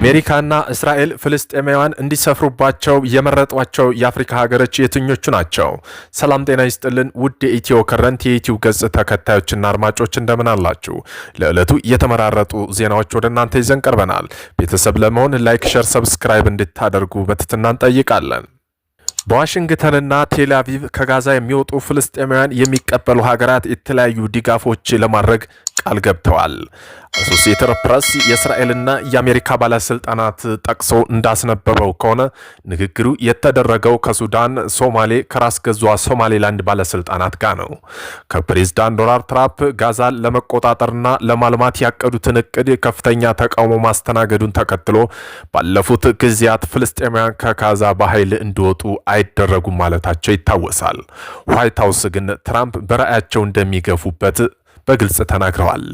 አሜሪካና እስራኤል ፍልስጤማውያን እንዲሰፍሩባቸው የመረጧቸው የአፍሪካ ሀገሮች የትኞቹ ናቸው? ሰላም ጤና ይስጥልን ውድ የኢትዮ ከረንት የዩትዩብ ገጽ ተከታዮችና አድማጮች እንደምን አላችሁ? ለዕለቱ የተመራረጡ ዜናዎች ወደ እናንተ ይዘን ቀርበናል። ቤተሰብ ለመሆን ላይክ፣ ሸር፣ ሰብስክራይብ እንድታደርጉ በትትና እንጠይቃለን። በዋሽንግተንና ቴል አቪቭ ከጋዛ የሚወጡ ፍልስጤማውያን የሚቀበሉ ሀገራት የተለያዩ ድጋፎች ለማድረግ ቃል ገብተዋል። አሶሲየትድ ፕሬስ የእስራኤልና የአሜሪካ ባለስልጣናት ጠቅሶ እንዳስነበበው ከሆነ ንግግሩ የተደረገው ከሱዳን፣ ሶማሌ ከራስ ገዟ ሶማሌላንድ ባለስልጣናት ጋር ነው። ከፕሬዝዳንት ዶናልድ ትራምፕ ጋዛን ለመቆጣጠርና ለማልማት ያቀዱትን እቅድ ከፍተኛ ተቃውሞ ማስተናገዱን ተከትሎ ባለፉት ጊዜያት ፍልስጤማውያን ከጋዛ በኃይል እንዲወጡ አይደረጉም ማለታቸው ይታወሳል። ዋይት ሀውስ ግን ትራምፕ በራዕያቸው እንደሚገፉበት በግልጽ ተናግረዋል።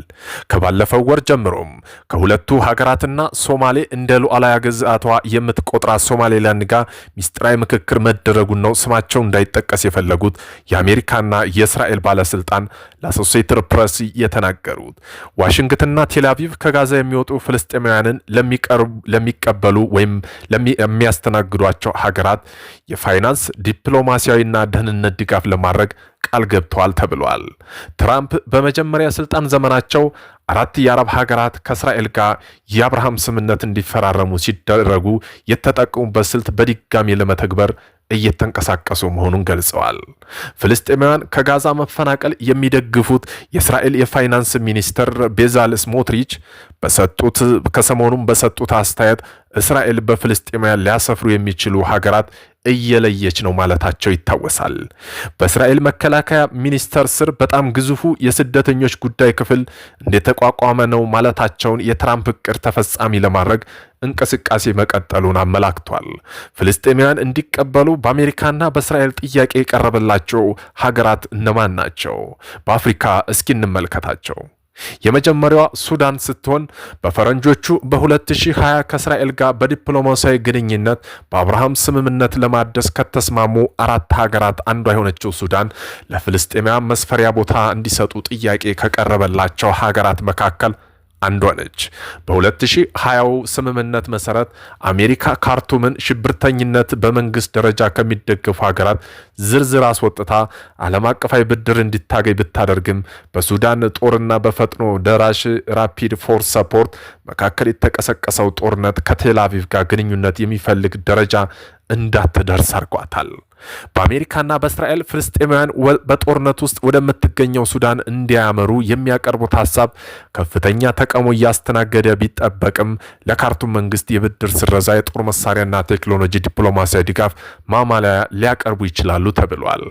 ከባለፈው ወር ጀምሮም ከሁለቱ ሀገራትና ሶማሌ እንደ ሉዓላዊ ግዛቷ የምትቆጥራት ሶማሌላንድ ጋር ሚስጥራዊ ምክክር መደረጉን ነው ስማቸው እንዳይጠቀስ የፈለጉት የአሜሪካና የእስራኤል ባለስልጣን ለአሶሴትድ ፕረስ የተናገሩት። ዋሽንግተንና ቴልአቪቭ ከጋዛ የሚወጡ ፍልስጤማውያንን ለሚቀበሉ ወይም የሚያስተናግዷቸው ሀገራት የፋይናንስ ዲፕሎማሲያዊና ደህንነት ድጋፍ ለማድረግ ቃል ገብተዋል ተብሏል። ትራምፕ በመጀመሪያ ስልጣን ዘመናቸው አራት የአረብ ሀገራት ከእስራኤል ጋር የአብርሃም ስምነት እንዲፈራረሙ ሲደረጉ የተጠቀሙበት ስልት በድጋሚ ለመተግበር እየተንቀሳቀሱ መሆኑን ገልጸዋል። ፍልስጤማውያን ከጋዛ መፈናቀል የሚደግፉት የእስራኤል የፋይናንስ ሚኒስትር ቤዛል ስሞትሪች በሰጡት ከሰሞኑም በሰጡት አስተያየት እስራኤል በፍልስጤማውያን ሊያሰፍሩ የሚችሉ ሀገራት እየለየች ነው ማለታቸው ይታወሳል። በእስራኤል መከላከያ ሚኒስቴር ስር በጣም ግዙፉ የስደተኞች ጉዳይ ክፍል እንደተቋቋመ ነው ማለታቸውን የትራምፕ እቅድ ተፈጻሚ ለማድረግ እንቅስቃሴ መቀጠሉን አመላክቷል። ፍልስጤማውያን እንዲቀበሉ በአሜሪካና በእስራኤል ጥያቄ የቀረበላቸው ሀገራት እነማን ናቸው? በአፍሪካ እስኪ እንመልከታቸው። የመጀመሪያዋ ሱዳን ስትሆን በፈረንጆቹ በ2020 ከእስራኤል ጋር በዲፕሎማሲያዊ ግንኙነት በአብርሃም ስምምነት ለማደስ ከተስማሙ አራት ሀገራት አንዷ የሆነችው ሱዳን ለፍልስጤማውያን መስፈሪያ ቦታ እንዲሰጡ ጥያቄ ከቀረበላቸው ሀገራት መካከል አንዷ ነች። በ2020 ስምምነት መሰረት አሜሪካ ካርቱምን ሽብርተኝነት በመንግስት ደረጃ ከሚደገፉ ሀገራት ዝርዝር አስወጥታ ዓለም አቀፋዊ ብድር እንዲታገኝ ብታደርግም በሱዳን ጦርና በፈጥኖ ደራሽ ራፒድ ፎርስ ሰፖርት መካከል የተቀሰቀሰው ጦርነት ከቴል አቪቭ ጋር ግንኙነት የሚፈልግ ደረጃ እንዳትደርስ አርጓታል። በአሜሪካና በእስራኤል ፍልስጤማውያን በጦርነት ውስጥ ወደምትገኘው ሱዳን እንዲያመሩ የሚያቀርቡት ሀሳብ ከፍተኛ ተቃውሞ እያስተናገደ ቢጠበቅም ለካርቱም መንግስት የብድር ስረዛ፣ የጦር መሳሪያና ቴክኖሎጂ ዲፕሎማሲያዊ ድጋፍ ማማለያ ሊያቀርቡ ይችላሉ ተብሏል።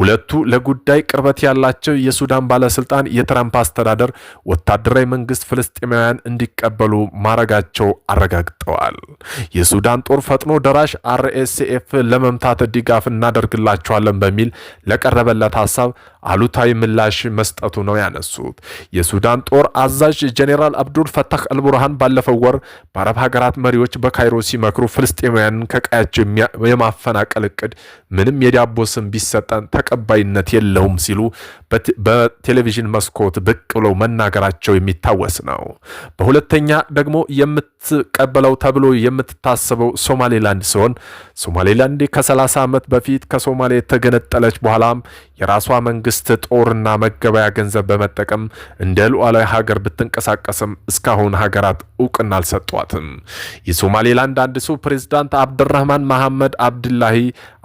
ሁለቱ ለጉዳይ ቅርበት ያላቸው የሱዳን ባለስልጣን የትራምፕ አስተዳደር ወታደራዊ መንግስት ፍልስጤማውያን እንዲቀበሉ ማድረጋቸው አረጋግጠዋል። የሱዳን ጦር ፈጥኖ ደራሽ አርኤስኤፍ ለመምታት ድጋፍ ድጋፍ እናደርግላቸዋለን በሚል ለቀረበለት ሀሳብ አሉታዊ ምላሽ መስጠቱ ነው ያነሱት። የሱዳን ጦር አዛዥ ጄኔራል አብዱል ፈታህ አልቡርሃን ባለፈው ወር በአረብ ሀገራት መሪዎች በካይሮ ሲመክሩ ፍልስጤማውያንን ከቀያቸው የማፈናቀል እቅድ ምንም የዳቦ ስም ቢሰጠን ተቀባይነት የለውም ሲሉ በቴሌቪዥን መስኮት ብቅ ብለው መናገራቸው የሚታወስ ነው። በሁለተኛ ደግሞ የምትቀበለው ተብሎ የምትታሰበው ሶማሌላንድ ሲሆን ሶማሌላንድ ከ30 ዓመት በፊት ከሶማሌ የተገነጠለች በኋላም የራሷ መንግስት ጦርና መገበያ ገንዘብ በመጠቀም እንደ ሉዓላዊ ሀገር ብትንቀሳቀስም እስካሁን ሀገራት እውቅና አልሰጧትም። የሶማሌላንድ ሰው ፕሬዝዳንት አብድራህማን መሐመድ አብድላሂ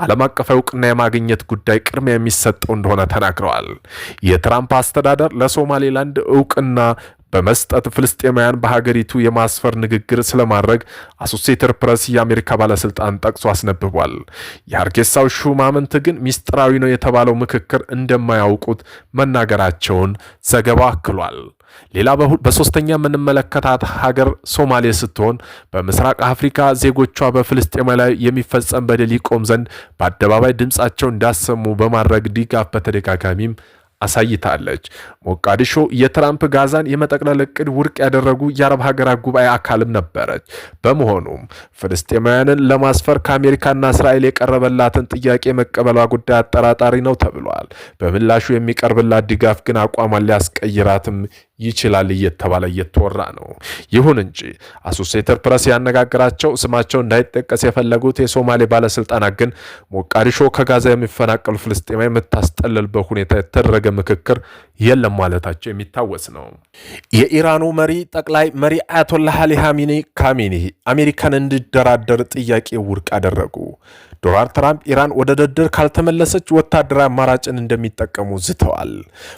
ዓለም አቀፋዊ እውቅና የማግኘት ጉዳይ ቅድሚያ የሚሰጠው እንደሆነ ተናግረዋል። የትራምፕ አስተዳደር ለሶማሌላንድ እውቅና በመስጠት ፍልስጤማውያን በሀገሪቱ የማስፈር ንግግር ስለማድረግ አሶሴትድ ፕረስ የአሜሪካ ባለስልጣን ጠቅሶ አስነብቧል። የሀርጌሳው ሹማምንት ግን ሚስጥራዊ ነው የተባለው ምክክር እንደማያውቁት መናገራቸውን ዘገባው አክሏል። ሌላ በሶስተኛ የምንመለከታት ሀገር ሶማሌ ስትሆን በምስራቅ አፍሪካ ዜጎቿ በፍልስጤማ ላይ የሚፈጸም በደል ይቆም ዘንድ በአደባባይ ድምፃቸው እንዳሰሙ በማድረግ ድጋፍ በተደጋጋሚም አሳይታለች። ሞቃዲሾ የትራምፕ ጋዛን የመጠቅለል እቅድ ውድቅ ያደረጉ የአረብ ሀገራት ጉባኤ አካልም ነበረች። በመሆኑም ፍልስጤማውያንን ለማስፈር ከአሜሪካና እስራኤል የቀረበላትን ጥያቄ መቀበሏ ጉዳይ አጠራጣሪ ነው ተብሏል። በምላሹ የሚቀርብላት ድጋፍ ግን አቋሟን ሊያስቀይራትም ይችላል እየተባለ እየተወራ ነው። ይሁን እንጂ አሶሴተር ፕረስ ያነጋገራቸው ስማቸው እንዳይጠቀስ የፈለጉት የሶማሌ ባለስልጣናት ግን ሞቃዲሾ ከጋዛ የሚፈናቀሉ ፍልስጤማ የምታስጠልልበት ሁኔታ የተደረገ ምክክር የለም ማለታቸው የሚታወስ ነው። የኢራኑ መሪ ጠቅላይ መሪ አያቶላህ አሊ ካሚኒ አሜሪካን እንዲደራደር ጥያቄ ውድቅ አደረጉ። ዶናልድ ትራምፕ ኢራን ወደ ድርድር ካልተመለሰች ወታደራዊ አማራጭን እንደሚጠቀሙ ዝተዋል።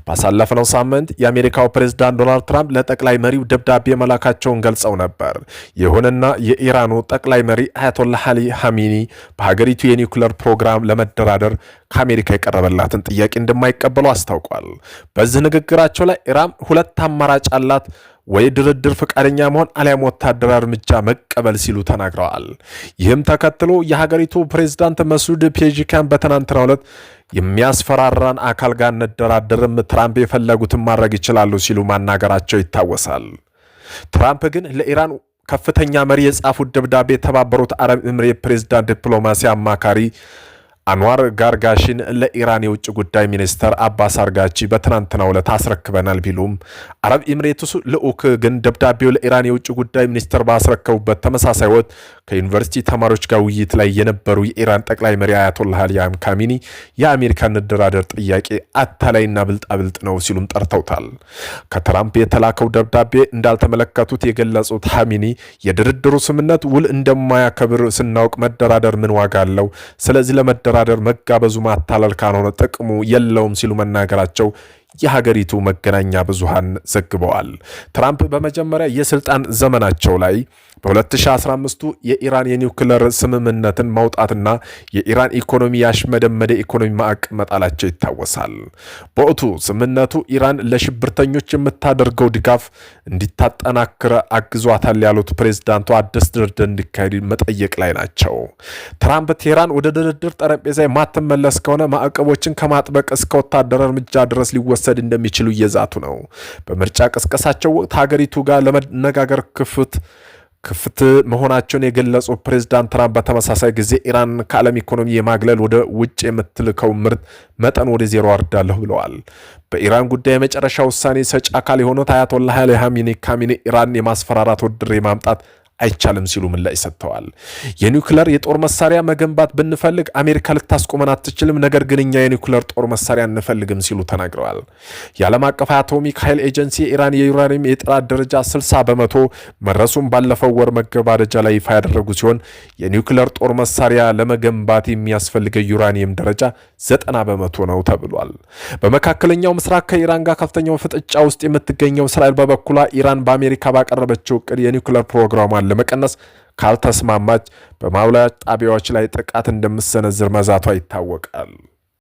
ባሳለፍነው ሳምንት የአሜሪካው ፕሬዝዳንት ዶናልድ ትራምፕ ለጠቅላይ መሪው ደብዳቤ መላካቸውን ገልጸው ነበር። ይሁንና የኢራኑ ጠቅላይ መሪ አያቶላህ አሊ ሐሚኒ በሀገሪቱ የኒውክለር ፕሮግራም ለመደራደር ከአሜሪካ የቀረበላትን ጥያቄ እንደማይቀበሉ አስታውቋል። በዚህ ንግግራቸው ላይ ኢራን ሁለት አማራጭ አላት ወይ ድርድር ፈቃደኛ መሆን አሊያም ወታደራዊ እርምጃ መቀበል ሲሉ ተናግረዋል። ይህም ተከትሎ የሀገሪቱ ፕሬዝዳንት መሱድ ፔጂካን በትናንትናው ዕለት የሚያስፈራራን አካል ጋር እንደራደርም ትራምፕ የፈለጉትን ማድረግ ይችላሉ ሲሉ ማናገራቸው ይታወሳል። ትራምፕ ግን ለኢራን ከፍተኛ መሪ የጻፉት ደብዳቤ የተባበሩት አረብ ኤምሬት ፕሬዝዳንት ዲፕሎማሲ አማካሪ አንዋር ጋርጋሽን ለኢራን የውጭ ጉዳይ ሚኒስትር አባስ አርጋቺ በትናንትና ዕለት አስረክበናል ቢሉም አረብ ኤምሬትስ ልዑክ ግን ደብዳቤው ለኢራን የውጭ ጉዳይ ሚኒስተር ባስረከቡበት ተመሳሳይ ወቅት ከዩኒቨርሲቲ ተማሪዎች ጋር ውይይት ላይ የነበሩ የኢራን ጠቅላይ መሪ አያቶላህ አሊ ካሚኒ የአሜሪካን መደራደር ጥያቄ አታላይና ብልጣብልጥ ነው ሲሉም ጠርተውታል። ከትራምፕ የተላከው ደብዳቤ እንዳልተመለከቱት የገለጹት ሀሚኒ የድርድሩ ስምነት ውል እንደማያከብር ስናውቅ መደራደር ምን ዋጋ አለው? ስለዚህ ለመደራደር መጋበዙ ማታለል ካልሆነ ጥቅሙ የለውም ሲሉ መናገራቸው የሀገሪቱ መገናኛ ብዙሃን ዘግበዋል። ትራምፕ በመጀመሪያ የስልጣን ዘመናቸው ላይ በ2015ቱ የኢራን የኒውክለር ስምምነትን ማውጣትና የኢራን ኢኮኖሚ ያሽመደመደ ኢኮኖሚ ማዕቀብ መጣላቸው ይታወሳል። በወቅቱ ስምምነቱ ኢራን ለሽብርተኞች የምታደርገው ድጋፍ እንዲታጠናክረ አግዟታል ያሉት ፕሬዝዳንቱ አዲስ ድርድር እንዲካሄድ መጠየቅ ላይ ናቸው። ትራምፕ ቴህራን ወደ ድርድር ጠረጴዛ የማትመለስ ከሆነ ማዕቀቦችን ከማጥበቅ እስከ ወታደር እርምጃ ድረስ ሊወሰድ እንደሚችሉ እየዛቱ ነው። በምርጫ ቅስቀሳቸው ወቅት ሀገሪቱ ጋር ለመነጋገር ክፍት ክፍት መሆናቸውን የገለጹ ፕሬዚዳንት ትራምፕ በተመሳሳይ ጊዜ ኢራን ከዓለም ኢኮኖሚ የማግለል ወደ ውጭ የምትልከው ምርት መጠን ወደ ዜሮ አርዳለሁ ብለዋል። በኢራን ጉዳይ የመጨረሻ ውሳኔ ሰጪ አካል የሆኑት አያቶላህ አሊ ካሚኒ ኢራን የማስፈራራት ውድድር የማምጣት አይቻልም ሲሉ ምላሽ ሰጥተዋል። የኒውክለር የጦር መሳሪያ መገንባት ብንፈልግ አሜሪካ ልታስቆመን አትችልም፣ ነገር ግን እኛ የኒውክለር ጦር መሳሪያ እንፈልግም ሲሉ ተናግረዋል። የዓለም አቀፍ አቶሚክ ኃይል ኤጀንሲ የኢራን የዩራኒየም የጥራት ደረጃ 60 በመቶ መድረሱን ባለፈው ወር መገባደጃ ላይ ይፋ ያደረጉ ሲሆን የኒውክለር ጦር መሳሪያ ለመገንባት የሚያስፈልገው ዩራኒየም ደረጃ 90 በመቶ ነው ተብሏል። በመካከለኛው ምስራቅ ከኢራን ጋር ከፍተኛው ፍጥጫ ውስጥ የምትገኘው እስራኤል በበኩሏ ኢራን በአሜሪካ ባቀረበችው እቅድ የኒውክለር ፕሮግራሟን ለመቀነስ ካልተስማማች በማብላያ ጣቢያዎች ላይ ጥቃት እንደምትሰነዝር መዛቷ ይታወቃል።